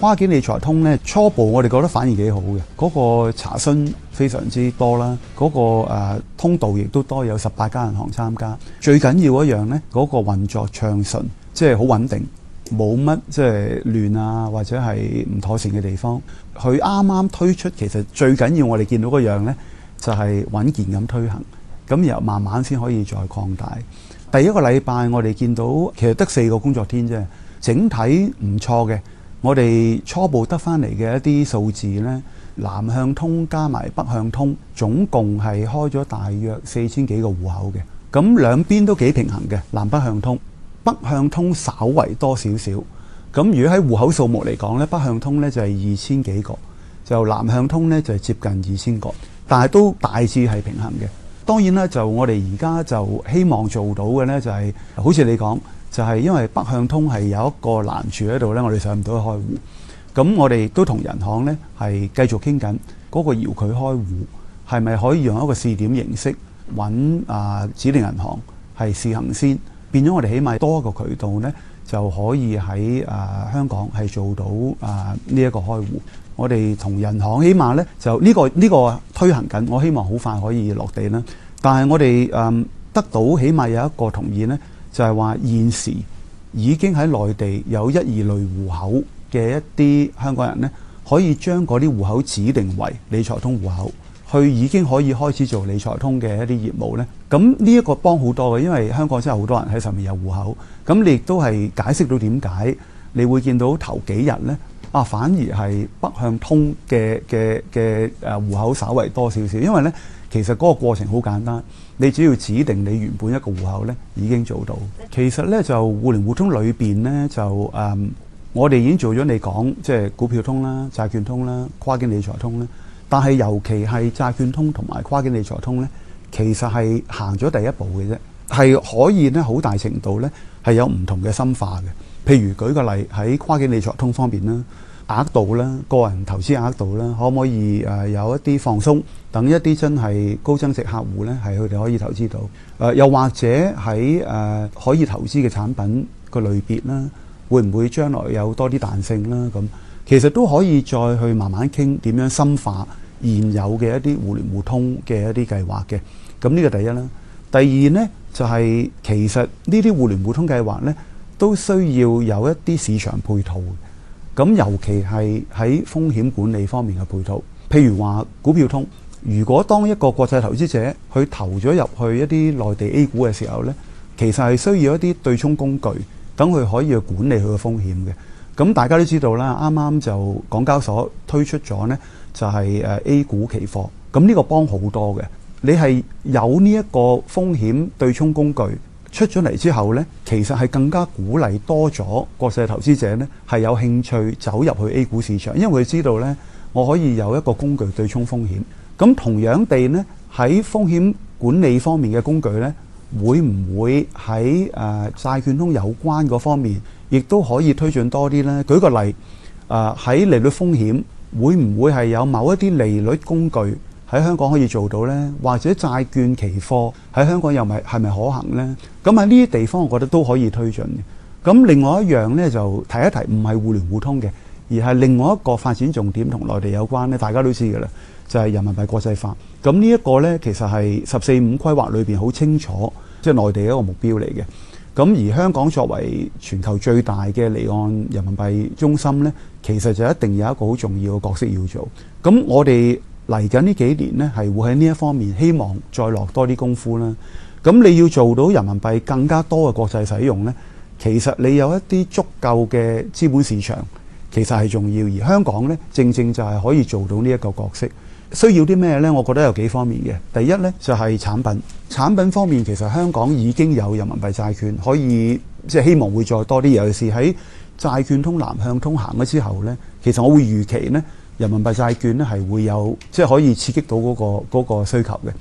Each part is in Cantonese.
跨境理財通呢，初步我哋覺得反而幾好嘅，嗰、那個查詢非常之多啦，嗰、那個、呃、通道亦都多有十八間銀行參加。最緊要一樣呢，嗰、那個運作暢順，即係好穩定，冇乜即係亂啊或者係唔妥善嘅地方。佢啱啱推出，其實最緊要我哋見到嗰樣呢，就係、是、穩健咁推行，咁然後慢慢先可以再擴大。第一個禮拜我哋見到其實得四個工作天啫，整體唔錯嘅。我哋初步得翻嚟嘅一啲數字呢，南向通加埋北向通，總共係開咗大約四千幾個戶口嘅，咁兩邊都幾平衡嘅，南北向通，北向通稍為多少少，咁如果喺戶口數目嚟講，呢北向通呢就係二千幾個，就南向通呢就係接近二千個，但係都大致係平衡嘅。當然啦，就我哋而家就希望做到嘅呢、就係，就係好似你講。就係因為北向通係有一個難處喺度咧，我哋上唔到去開戶。咁我哋都同人行咧係繼續傾緊，嗰個遙距開戶係咪可以用一個試點形式揾啊指定銀行係試行先，變咗我哋起碼多一個渠道咧，就可以喺啊香港係做到啊呢一個開戶。我哋同人行起碼咧就呢個呢個推行緊，我希望好快可以落地啦。但係我哋嗯得到起碼有一個同意咧。就係、是、話現時已經喺內地有一二類戶口嘅一啲香港人呢，可以將嗰啲戶口指定為理財通戶口，佢已經可以開始做理財通嘅一啲業務呢，咁呢一個幫好多嘅，因為香港真係好多人喺上面有戶口，咁、嗯、你亦都係解釋到點解你會見到頭幾日呢，啊，反而係北向通嘅嘅嘅戶口稍微多少少，因為呢。其實嗰個過程好簡單，你只要指定你原本一個戶口呢，已經做到。其實呢，就互聯互通裏面呢，就誒、嗯，我哋已經做咗你講，即係股票通啦、債券通啦、跨境理財通啦。但係尤其係債券通同埋跨境理財通呢，其實係行咗第一步嘅啫，係可以呢，好大程度呢係有唔同嘅深化嘅。譬如舉個例喺跨境理財通方面啦。額度啦，個人投資額度啦，可唔可以誒有一啲放鬆？等一啲真係高增值客戶呢？係佢哋可以投資到。誒又或者喺誒可以投資嘅產品個類別啦，會唔會將來有多啲彈性啦？咁其實都可以再去慢慢傾點樣深化現有嘅一啲互聯互通嘅一啲計劃嘅。咁呢個第一啦。第二呢，就係其實呢啲互聯互通計劃呢，都需要有一啲市場配套。咁尤其係喺風險管理方面嘅配套，譬如話股票通，如果當一個國際投資者佢投咗入去一啲內地 A 股嘅時候呢，其實係需要一啲對沖工具，等佢可以去管理佢嘅風險嘅。咁大家都知道啦，啱啱就港交所推出咗呢，就係 A 股期貨。咁、這、呢個幫好多嘅，你係有呢一個風險對沖工具，出咗嚟之後呢，其實係更加鼓勵多咗國際投資者呢，係有興趣走入去 A 股市場，因為佢知道呢，我可以有一個工具對沖風險。咁同樣地呢，喺風險管理方面嘅工具呢，會唔會喺誒債券通有關嗰方面，亦都可以推進多啲呢？舉個例，誒喺利率風險，會唔會係有某一啲利率工具？喺香港可以做到呢，或者債券期貨喺香港又咪係咪可行呢？咁喺呢啲地方，我覺得都可以推進嘅。咁另外一樣呢，就提一提，唔係互聯互通嘅，而係另外一個發展重點同內地有關呢，呢大家都知嘅啦，就係人民幣國際化。咁呢一個呢，其實係十四五規劃裏面好清楚，即係內地一個目標嚟嘅。咁而香港作為全球最大嘅離岸人民幣中心呢，其實就一定有一個好重要嘅角色要做。咁我哋。嚟緊呢幾年呢，係會喺呢一方面希望再落多啲功夫啦。咁你要做到人民幣更加多嘅國際使用呢，其實你有一啲足夠嘅資本市場，其實係重要。而香港呢，正正就係可以做到呢一個角色。需要啲咩呢？我覺得有幾方面嘅。第一呢，就係產品，產品方面其實香港已經有人民幣債券，可以即係希望會再多啲。尤其是喺債券通南向通行咗之後呢，其實我會預期呢。人民幣債券咧係會有即係，就是，可以刺激到嗰，那個那個需求嘅。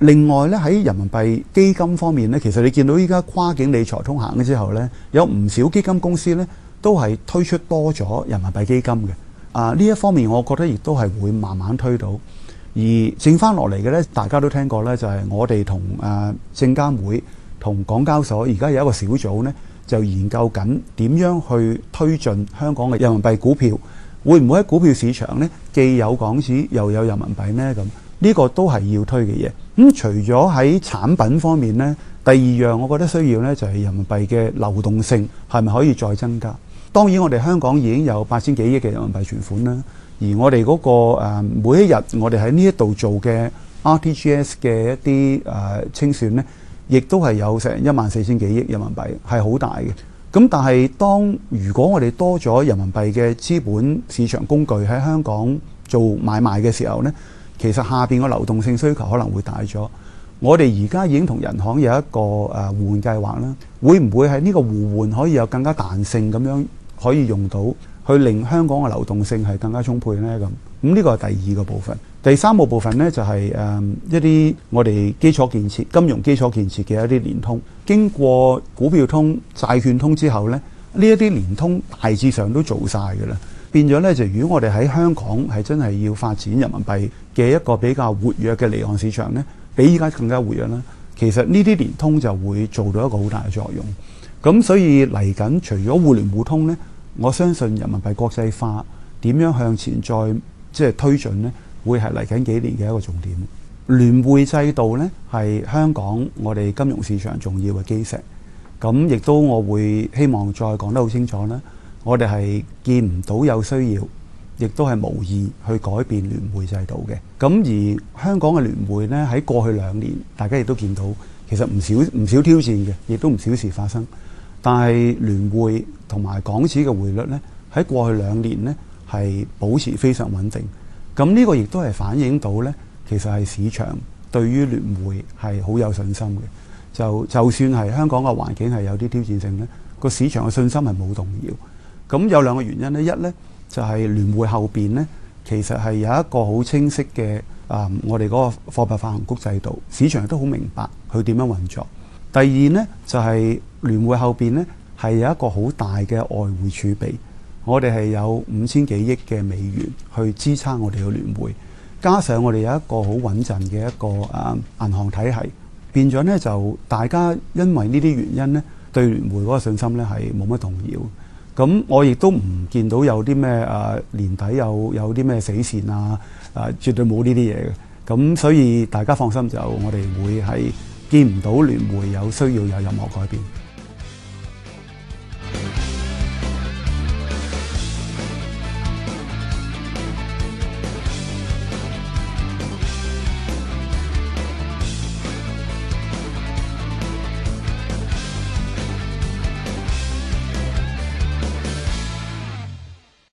另外咧喺人民幣基金方面咧，其實你見到依家跨境理財通行嘅之後咧，有唔少基金公司咧都係推出多咗人民幣基金嘅。啊，呢一方面我覺得亦都係會慢慢推到。而剩翻落嚟嘅咧，大家都聽過咧，就係，是，我哋同誒證監會同港交所而家有一個小組咧，就研究緊點樣去推進香港嘅人民幣股票。會唔會喺股票市場呢？既有港紙又有人民幣呢？咁呢、這個都係要推嘅嘢。咁、嗯、除咗喺產品方面呢，第二樣我覺得需要呢就係、是、人民幣嘅流動性係咪可以再增加？當然我哋香港已經有八千幾億嘅人民幣存款啦，而我哋嗰、那個、嗯、每一日我哋喺呢一度做嘅 RTGS 嘅一啲誒清算呢，亦都係有成一萬四千幾億人民幣，係好大嘅。咁但係當如果我哋多咗人民幣嘅資本市場工具喺香港做買賣嘅時候呢，其實下邊嘅流動性需求可能會大咗。我哋而家已經同人行有一個誒互換計劃啦，會唔會喺呢個互換可以有更加彈性咁樣可以用到，去令香港嘅流動性係更加充沛呢？咁咁呢個係第二個部分。第三個部分呢，就係、是、誒一啲我哋基礎建設、金融基礎建設嘅一啲聯通，經過股票通、債券通之後呢，呢一啲聯通大致上都做晒㗎啦。變咗呢，就如果我哋喺香港係真係要發展人民幣嘅一個比較活躍嘅離岸市場呢，比依家更加活躍啦。其實呢啲聯通就會做到一個好大嘅作用。咁所以嚟緊，除咗互聯互通呢，我相信人民幣國際化點樣向前再即係、就是、推進呢？會係嚟緊幾年嘅一個重點。聯匯制度呢，係香港我哋金融市場重要嘅基石。咁亦都我會希望再講得好清楚啦。我哋係見唔到有需要，亦都係無意去改變聯匯制度嘅。咁而香港嘅聯匯呢，喺過去兩年，大家亦都見到其實唔少唔少挑戰嘅，亦都唔少事發生。但係聯匯同埋港紙嘅匯率呢，喺過去兩年呢係保持非常穩定。咁呢個亦都係反映到咧，其實係市場對於聯匯係好有信心嘅。就就算係香港嘅環境係有啲挑戰性咧，個市場嘅信心係冇動搖。咁有兩個原因咧，一咧就係聯匯後邊咧，其實係有一個好清晰嘅啊，我哋嗰個貨幣發行局制度，市場都好明白佢點樣運作。第二咧就係聯匯後邊咧係有一個好大嘅外匯儲備。我哋係有五千幾億嘅美元去支撐我哋嘅聯匯，加上我哋有一個好穩陣嘅一個啊銀行體系，變咗咧就大家因為呢啲原因咧，對聯匯嗰個信心咧係冇乜動搖。咁我亦都唔見到有啲咩啊年底有有啲咩死線啊啊，絕對冇呢啲嘢嘅。咁所以大家放心就我哋會係見唔到聯匯有需要有任何改變。